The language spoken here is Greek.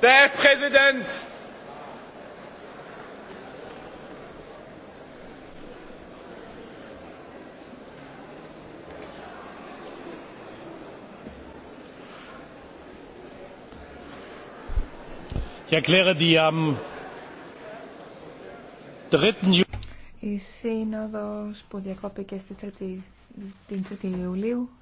Der Präsident! Ich erkläre die am 3. Juli. Η σύνοδος που διακόπηκε στις 3, στην 3η Ιουλίου